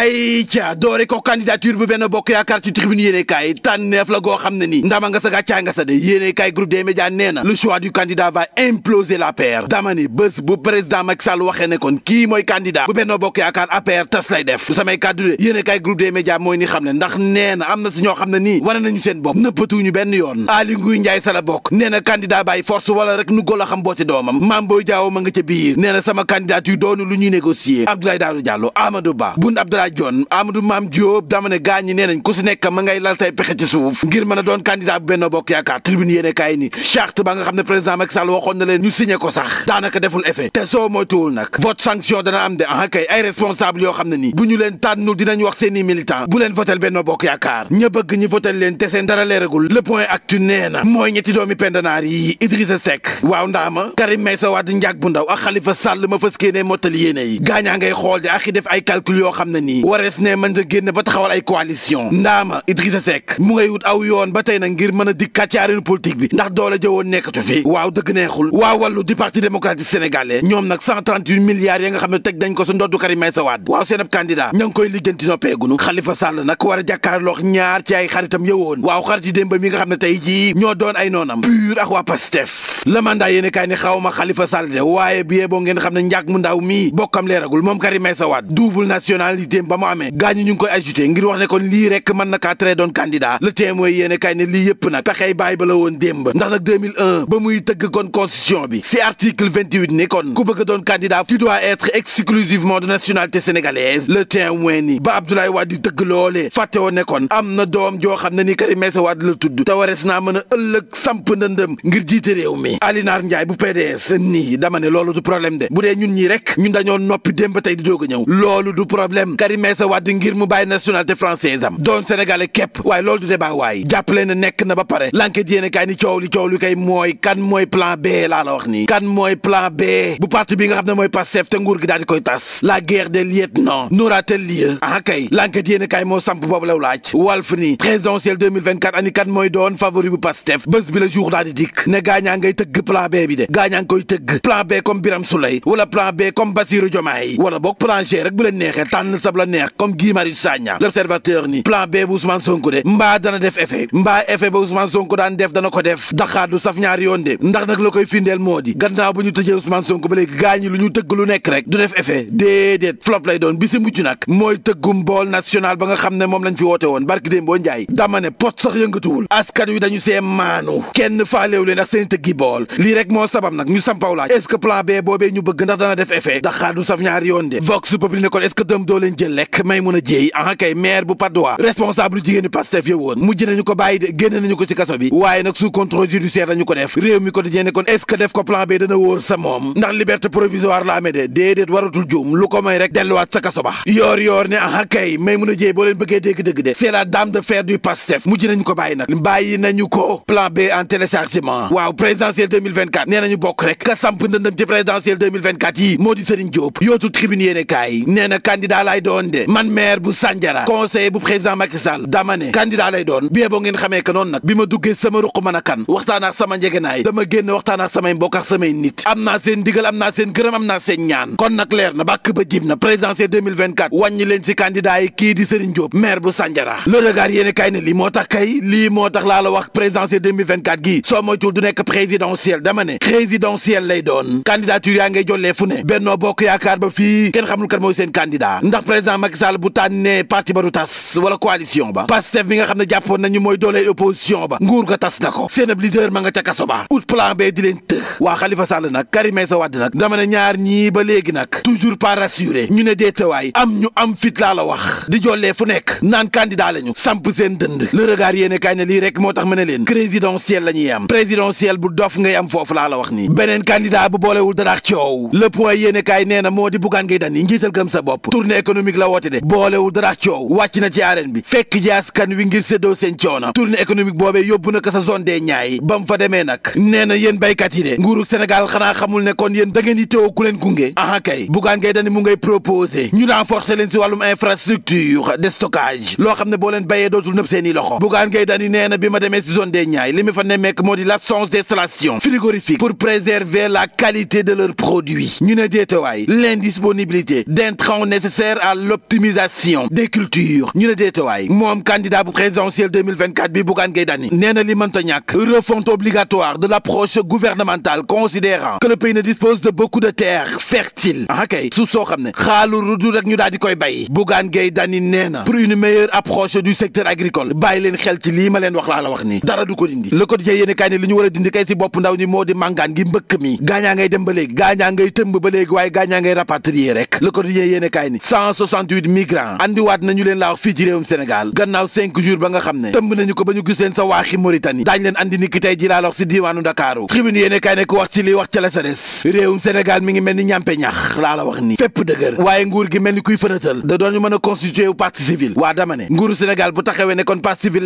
ay ca doore ko candidature bu benn bokk yaakaar ci tribune yéene kaay tànneef la goo xam ne nii ndama nga sa gàccaa nga sa de yéene kaay groupe des médias nee na choix du candidat va imploser l'APR dama ni bés bu président Macky Sall waxee ne kon kii mooy candidat bu benn bokk yaakaar APR tas lay def du samay kàddu de yéene kaay groupe des médias mooy ni xam ne ndax nee na am na si ñoo xam ne nii wane nañu seen bopp nëppatuñu benn yoon Aly Ngouille Ndiaye sa la bokk nee na candidat bàyyi force wala rek nu gol a xam boote doomam Mame Boye Diao ma nga ca biir nee na sama candidature doonu lu ñuy négocier Abdoulaye Daouda Diallo Amadou Ba Boun Abdallah Dione Amadou Mame Diop dama ne gaa ñi ku si nekk ma ngay lal tay pexe ci suuf ngir mën doon candidat bu Benno Bokk Yaakaar tribune yéene kaay ni charte ba nga xam ne président Macky Sall waxoon na leen ñu signé ko sax daanaka deful effet te soo moytuwul nag vote sanction dana am de ah ay responsable yoo xam ne nii bu ñu leen tànnul dinañ wax seeni militant bu leen votel Benno Bokk Yaakaar ña bëgg ñi votel leen te seen dara leeragul le point actu nee na mooy ñetti doomi pendanaar yi Idrissa Seck waaw ndaama Karim Meïssa Wade njàg bu yoo xam ne nii nii warees ne mën a génn ba taxawal ay coalition ndaama Idrissa Seck mu ngay wut aw yoon ba tey nag ngir mën a dikkaat ci arène politique bi ndax doole jëwoon nekkatu fi waaw dëgg neexul waa wàllu di parti démocratique sénégalais ñoom nag 138 ya nga xam ne teg dañ ko sa ndoddu Karim Meïssa Wade waaw seen ab candidat ña ngi koy lijjanti noppeegunu Khalifa Sall nag war a jàkkaarloog ñaar ci ay xaritam yëwoon waaw xarit yi démba mi nga xam ne tey jii ñoo ba mu amee gaañu ñu ngi koy ajouté ngir wax ne lii rek mën na kaa doon candidat le témoin yéene kaay ne lii yëpp nag pexey bàyyi ba la woon démb ndax nag 2001 ba muy tëgg kon constitution bi si article 28 ne kon ku bëgg doon candidat tu dois être exclusivement de nationalité sénégalaise le témoin ni ba Abdoulaye Wade di tëgg loolee fàtte woon ne kon am na doom joo xam ne ni Karim Meïssa Wade la tudd te naa mën a ëllëg samp ndëndëm ngir jiite réew mi Alinaar Ndiaye bu PDS nii dama ne loolu du problème de bu dee ñun ñi rek ñun dañoo noppi démb tey di doog a Meïssa Wade ngir mu bàyyi nationalité française am doon sénégalais képp waaye loolu du débat waay jàppale na nekk na ba pare l'enquête yéene kaay ni coow li coow li kay mooy kan mooy plan B laa la wax nii kan mooy plan B bu parti bi nga xam ne mooy Pastef te nguur gi daal di koy tas la guerre des lieutenants n'aura-t-elle lieu ah kay l'enquête yéene kaay moo samp boobu law laaj Walf ni présidentielle ani kan mooy doon favori bu Pastef bés bi la jour daal dikk ne ngay tëgg plan B bi de koy tëgg plan B comme Birame wala plan B neexee tànn neex comme Guy Marius Sagna l'observateur ni plan B bu Ousmane Sonko de mbaa dana def effet mbaa effet ba Ousmane Sonko daan def dana ko def daxaar du saf yoon de ndax nag la koy dëm doo leen jël lekk may mun a jéey aha kay maire bu Patte responsable jigéen ñi Pastef ya mujj nañu ko bàyyi de génne nañu ko ci kaso bi waaye nag sous contrôle judiciaire lañu ko def réew mi ko di ne kon est def ko plan B dana wóor sa moom ndax liberté provisoire la amee de déedéet waratul juum lu ko may rek delluwaat sa kaso ba yoor yoor ne aha kay may mun a jéey boo leen bëggee dégg-dëgg de c'est dame de fer du Pastef mujj nañu ko bàyyi nag bàyyi nañu ko plan man de man maire bu Sandiara conseiller bu président Macky Sall dama ne candidat lay doon bie boo ngeen xamee que noonu nag bi ma duggee sama ruq mën a kan waxtaan ak sama njegenaay dama génn waxtaan ak samay mbokk ak samay nit am naa seen digal am naa seen gërëm am naa seen ñaan kon nag leer na bàkk ba jib na présidentielle 2024 leen si candidat yi kii di Serigne Diop maire bu Sandiara le regard kay ne lii moo tax kay lii moo tax laa la wax présidentielle 2024 s soo moytuwul du nekk présidentielle dama ne présidentielle lay doon candidature yaa ngay jollee Macky Sall bu tànnee parti ba du tas wala coalition ba Pastef bi nga xam ne jàppoon nañu mooy dooleel opposition ba nguur ga tas na ko seen ab leader ma nga ca kaso ba ut plan B di leen tëx waa Khalifa Sall nag Karim Meïssa Wade nag dama ne ñaar ñii ba léegi nag toujours pas rassuré ñu ne deetawaay am ñu am fit laa la wax di jollee fu nekk naan candidat lañu samp seen dënd le regard yéene lii rek moo tax ma ne leen présidentiel la ñuy la wax nii beneen candidat bu la woote de boolewul dara coow wàcc na ci arène bi fekk ji askan wi ngir séddoo seen coono tournée économique boobee yóbbu na sa zone des ñaay ba mu fa demee nag nee na yéen yi de nguurug Sénégal xanaa xamul ne kon yéen da ngeen di teewoo ku leen gunge aha kay bugaan ngay dani mu ngay proposé ñu renforcer leen si wàllum infrastructure de stockage loo xam ne boo leen béyee dootul nëb seen i loxo bugaan ngay dani nee na bi ma demee si zone des ñaay li l'optimisation des cultures ñu ne deetewaay moom candidat bu présidentiel bi Bougane Gueye Dany nee li mënta ñàkk obligatoire de l'approche gouvernementale considérant que dispose de beaucoup de terres fertiles ah kay suuf soo xam ne xaalu rudu rek ñu daal koy bay Bougane Gueye Dany nee pour une meilleure approche du secteur agricole bàyyi leen xel ci lii wax laa la wax nii dara du ko dindi le a dindi kay si bopp ndaw ñi moo di ba léegi gaañaa soixante migrants andiwaat nañu leen laa wax fii ci réewum Sénégal gannaaw cinq jours ba nga xam ne tëmb nañu ko ba ñu gis leen sa waaxi Mauritanie daañu leen andi ni ki ji laa wax si diiwaanu Dakaaru tribune yéene kaay nekk wax ci li wax ca la sa des réewum Sénégal mi ngi mel ni ñàmpe ñax laa la wax ni fépp dëgër waaye nguur gi mel ni kuy fënatal da ñu mën a constitué wu parti civil waa dama ne nguuru Sénégal bu taxawee ne parti civil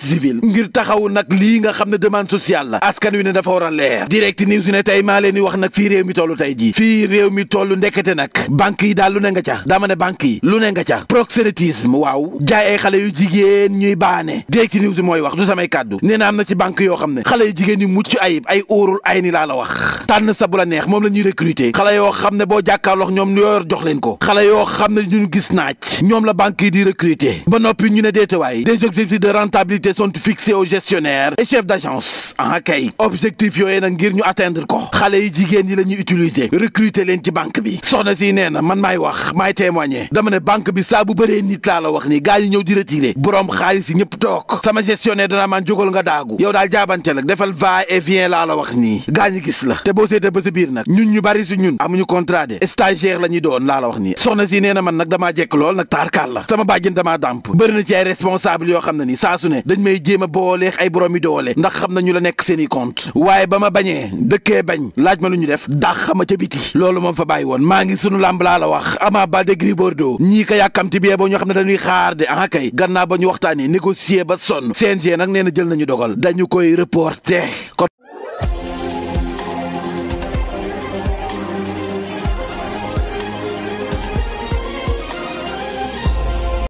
société civile ngir taxawu nag lii nga xam ne demande sociale la askan wi ne dafa war a leer direct news ne tey maa leen di wax nag fii réew mi tollu tey jii fii réew mi tollu ndekete nag banque yi daal lu ne nga ca dama ne banque yi lu ne nga ca proxénétisme waaw jaay ay xale yu jigéen ñuy baane direct news mooy wax du samay kàddu nee na am na ci banque yoo xam ne xale yu jigéen yu mucc ayib ay óorul ay ni laa la wax tànn sa bu la neex moom la ñuy recruter xale yoo xam ne boo jàkkaarloo ñoom ñoo yor jox leen ko xale yoo xam ne ñun gis naaj ñoom la banque yi di recruter ba noppi ñu ne deetewaay des objectifs de rentabilité sont fixés aux gestionnaires et chefs d'agence ah objectif yooyu nag ngir ñu atteindre ko xale yi jigéen yi la ñuy utiliser recruter leen ci banque bi soxna si nee na man maay wax maay témoigner dama ne banque bi saa bu bëree nit laa la wax ni gaa yi ñëw di retiré borom xaalis yi ñëpp toog sama gestionnaire danaa man jógal nga daagu yow daal jaabante nag defal va la wax nii gaa ñi boo seetee ba si biir nag ñun ñu bari si ñun amuñu contrat de stagiaire la doon laa la wax nii soxna si nee na man nag damaa jekk lool nag taarkaal la sama bàjjen damaa dàmp bëri na ci ay responsable yoo xam ne ni saa su dañ may jéema a booleex ay boroomi doole ndax xam na ñu la nekk seen i compte waaye ba ma bañee dëkkee bañ laaj ma lu ñu def daax xama ca biti loolu moom fa bàyyi woon maa ngi suñu làmb laa la wax Ama Baldé Gris Bordeaux ñii ko yàkkamti boo ñoo xam ne dañuy xaar de ah kay gannaaw ba ñu waxtaanee négocier ba sonn CNG nag nee na jël nañu dogal dañu koy reporter